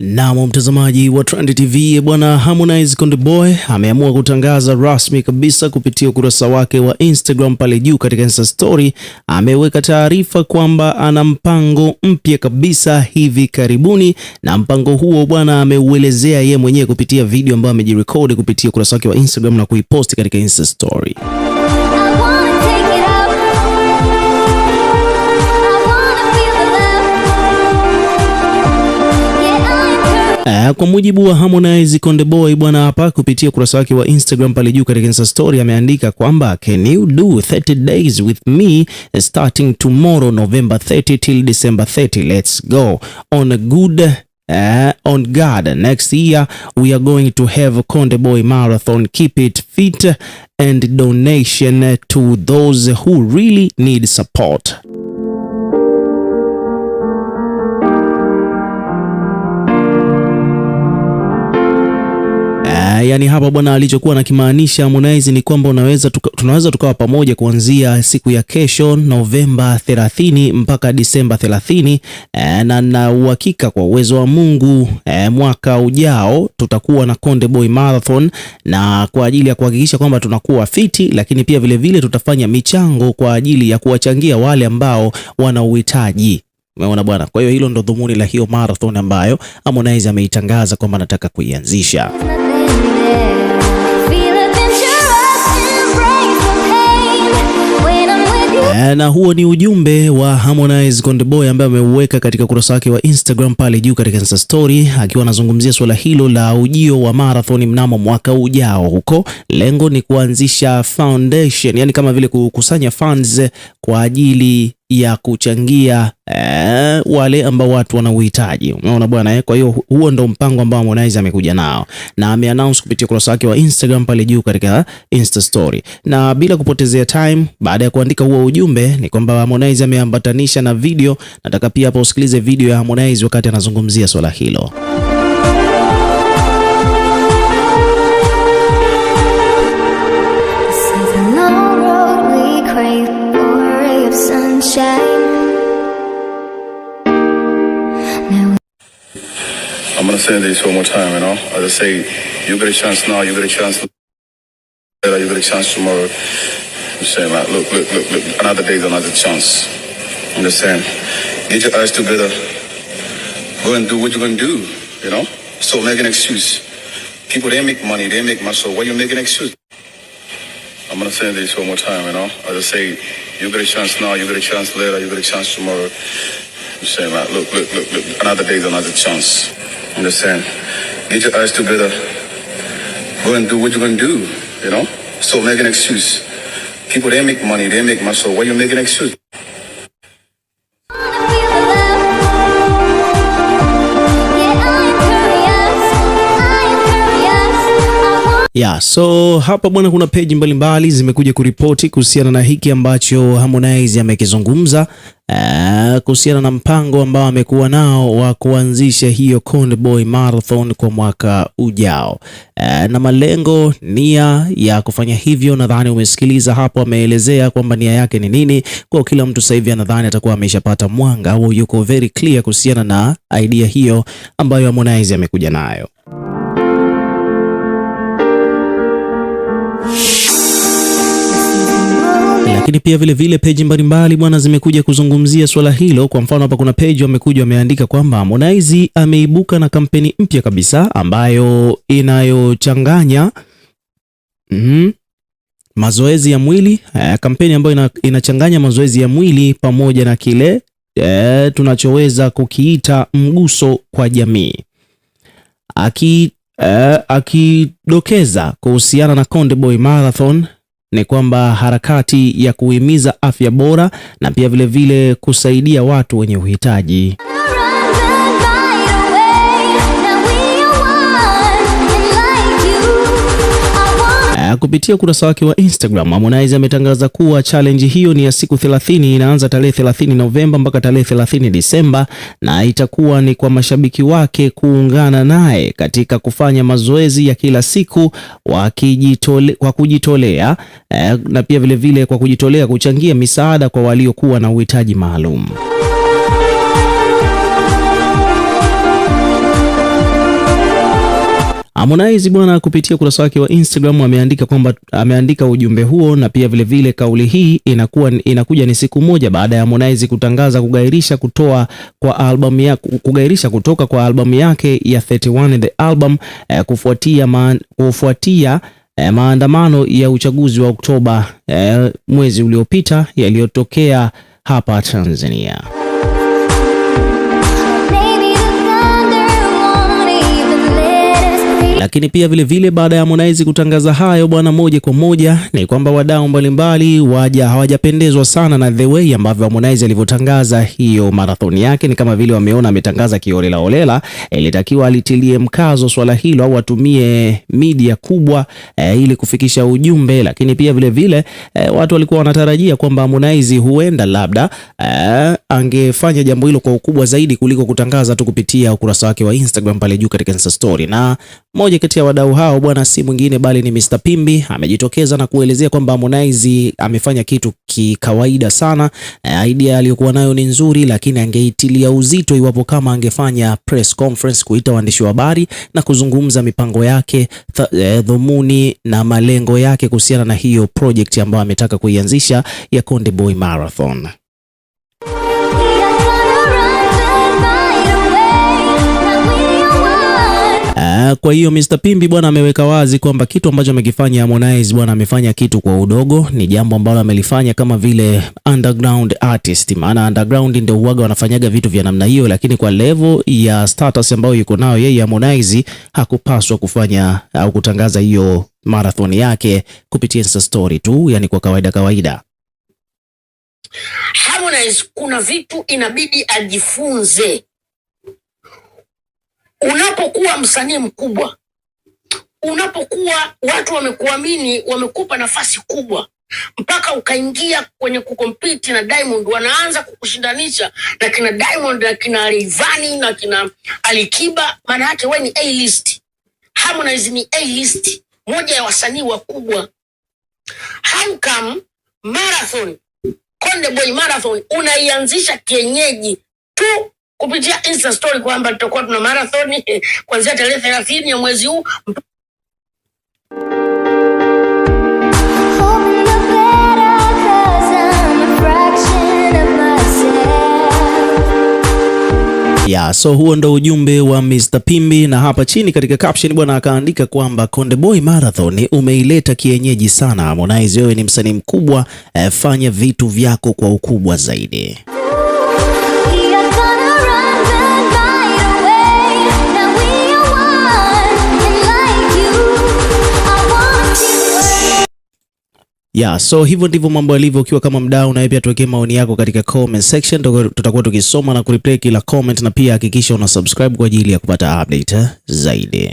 Nam mtazamaji wa Trend TV bwana Harmonize Konde Boy ameamua kutangaza rasmi kabisa kupitia ukurasa wake wa Instagram pale juu, katika Insta story ameweka taarifa kwamba ana mpango mpya kabisa hivi karibuni, na mpango huo bwana ameuelezea ye mwenyewe kupitia video ambayo amejirekodi kupitia ukurasa wake wa Instagram na kuiposti katika Insta story. Eh, kwa mujibu wa Harmonize Konde Boy bwana hapa, kupitia ukurasa wake wa Instagram pale juu katika Insta story ameandika kwamba can you do 30 days with me starting tomorrow November 30 till December 30 let's go on a good Uh, on God next year we are going to have Konde Boy marathon keep it fit and donation to those who really need support yaani hapa bwana alichokuwa nakimaanisha Harmonize ni kwamba unaweza tuka, tunaweza tukawa pamoja kuanzia siku ya kesho Novemba 30 mpaka Disemba 30 uh, eh, na na uhakika kwa uwezo wa Mungu uh, mwaka ujao tutakuwa na Konde Boy Marathon na kwa ajili ya kuhakikisha kwamba tunakuwa fiti, lakini pia vilevile vile tutafanya michango kwa ajili ya kuwachangia wale ambao wana uhitaji. Umeona bwana, kwa hiyo hilo ndo dhumuni la hiyo marathon ambayo Harmonize ameitangaza kwamba anataka kuianzisha na huo ni ujumbe wa Harmonize Konde Boy ambaye ameuweka katika ukurasa wake wa Instagram pale juu katika Insta story, akiwa anazungumzia suala hilo la ujio wa marathon mnamo mwaka ujao huko. Lengo ni kuanzisha foundation, yani kama vile kukusanya funds kwa ajili ya kuchangia eh, wale ambao watu wana uhitaji. Umeona bwana eh? Kwa hiyo huo ndo mpango ambao Harmonize amekuja nao na ameannounce kupitia ukurasa wake wa Instagram pale juu katika Insta story. Na bila kupotezea time, baada ya kuandika huo ujumbe, ni kwamba Harmonize ameambatanisha na video. Nataka pia hapa usikilize video ya Harmonize wakati anazungumzia swala hilo. to say this one more time, you know. As I say, you get a chance now, you get a chance later, you get a chance tomorrow. I'm saying, like, look, look, look, look, another day is another chance. I'm get your eyes together. Go and do what you're going to do, you know. So make an excuse. People, they make money, they make muscle. why you make an excuse? I'm gonna say this one more time, you know. As I say, you get a chance now, you get a chance later, you get a chance tomorrow. I'm saying like, look, look, look, look, another day is another chance. Understand? get your eyes together, go and do what you're gonna do, you know? So make an excuse. People, they make money, they make muscle. Why you make excuse? Yeah, so hapa bwana, kuna peji mbalimbali zimekuja kuripoti kuhusiana na hiki ambacho Harmonize amekizungumza eh, kuhusiana na mpango ambao amekuwa nao wa kuanzisha hiyo Konde Boy Marathon kwa mwaka ujao, aa, eh, na malengo, nia ya kufanya hivyo. Nadhani umesikiliza hapo, ameelezea kwamba nia yake ni nini. Kwa kila mtu sasa hivi anadhani atakuwa ameshapata mwanga au yuko very clear kuhusiana na idea hiyo ambayo Harmonize amekuja nayo. Lakini pia vile vile peji mbalimbali bwana zimekuja kuzungumzia swala hilo. Kwa mfano hapa kuna peji wamekuja wameandika kwamba Harmonize ameibuka na kampeni mpya kabisa ambayo inayochanganya mm, mazoezi ya mwili eh, kampeni ambayo ina, inachanganya mazoezi ya mwili pamoja na kile eh, tunachoweza kukiita mguso kwa jamii aki eh, akidokeza kuhusiana na Konde Boy Marathon ni kwamba harakati ya kuhimiza afya bora na pia vilevile vile kusaidia watu wenye uhitaji. Haya, kupitia ukurasa wake wa Instagram, Harmonize ametangaza kuwa challenge hiyo ni ya siku 30, inaanza tarehe 30 Novemba mpaka tarehe 30 Disemba, na itakuwa ni kwa mashabiki wake kuungana naye katika kufanya mazoezi ya kila siku wakijitole, kwa kujitolea eh, na pia vilevile vile kwa kujitolea kuchangia misaada kwa waliokuwa na uhitaji maalum. Harmonize bwana kupitia ukurasa wake wa Instagram ameandika kwamba ameandika ujumbe huo na pia vile vile kauli hii inakuwa inakuja ni siku moja baada ya Harmonize kutangaza kugairisha kutoa kwa albamu ya, kugairisha kutoka kwa albamu yake ya 31 the album eh, kufuatia kufuatia eh, maandamano ya uchaguzi wa Oktoba eh, mwezi uliopita yaliyotokea hapa Tanzania. Lakini pia vile vile baada ya Harmonize kutangaza hayo bwana, moja kwa moja ni kwamba wadau mbalimbali waja hawajapendezwa sana na the way ambavyo Harmonize alivyotangaza hiyo marathon yake. Ni kama vile wameona ametangaza kiolela olela, Ilitakiwa alitilie mkazo swala hilo au atumie media kubwa e, ili kufikisha ujumbe, lakini pia vile vile, e, watu walikuwa wanatarajia kwamba Harmonize huenda labda e, angefanya jambo hilo kwa ukubwa zaidi kuliko kutangaza tu kupitia ukurasa wake wa Instagram pale juu katika Insta story na mmoja kati ya wadau hao bwana, si mwingine bali ni Mr Pimbi, amejitokeza na kuelezea kwamba Harmonize amefanya kitu kikawaida sana. Eh, idea aliyokuwa nayo ni nzuri, lakini angeitilia uzito iwapo kama angefanya press conference, kuita waandishi wa habari na kuzungumza mipango yake, eh, dhumuni na malengo yake kuhusiana na hiyo project ambayo ametaka kuianzisha ya Konde Boy Marathon. kwa hiyo Mr. Pimbi bwana ameweka wazi kwamba kitu ambacho amekifanya Harmonize bwana amefanya kitu kwa udogo, ni jambo ambalo amelifanya kama vile underground artist, maana underground ndio huaga wanafanyaga vitu vya namna hiyo, lakini kwa level ya status ambayo yuko nayo yeye Harmonize hakupaswa kufanya au kutangaza hiyo marathon yake kupitia Insta story tu, yani kwa kawaida kawaida. Harmonize kuna vitu inabidi ajifunze Unapokuwa msanii mkubwa, unapokuwa watu wamekuamini, wamekupa nafasi kubwa mpaka ukaingia kwenye kukompiti na Diamond, wanaanza kukushindanisha na kina Diamond na kina Rayvanny na kina Alikiba, maana yake wewe ni A list. Harmonize ni A list, moja ya wasanii wakubwa. Hankam marathon, Konde Boy marathon unaianzisha kienyeji tu kupitia Insta story kwamba tutakuwa tuna marathon kuanzia tarehe 30 ya mwezi huu ya so huo ndo ujumbe wa Mr Pimbi, na hapa chini katika caption bwana akaandika kwamba Konde Boy Marathon umeileta kienyeji sana. Harmonize, wewe ni msanii mkubwa, eh, fanya vitu vyako kwa ukubwa zaidi. Yeah, so hivyo ndivyo mambo yalivyo. Ukiwa kama mdau, na wewe pia tuwekee maoni yako katika comment section, tutakuwa tukisoma na kureplay kila comment, na pia hakikisha una subscribe kwa ajili ya kupata update eh, zaidi.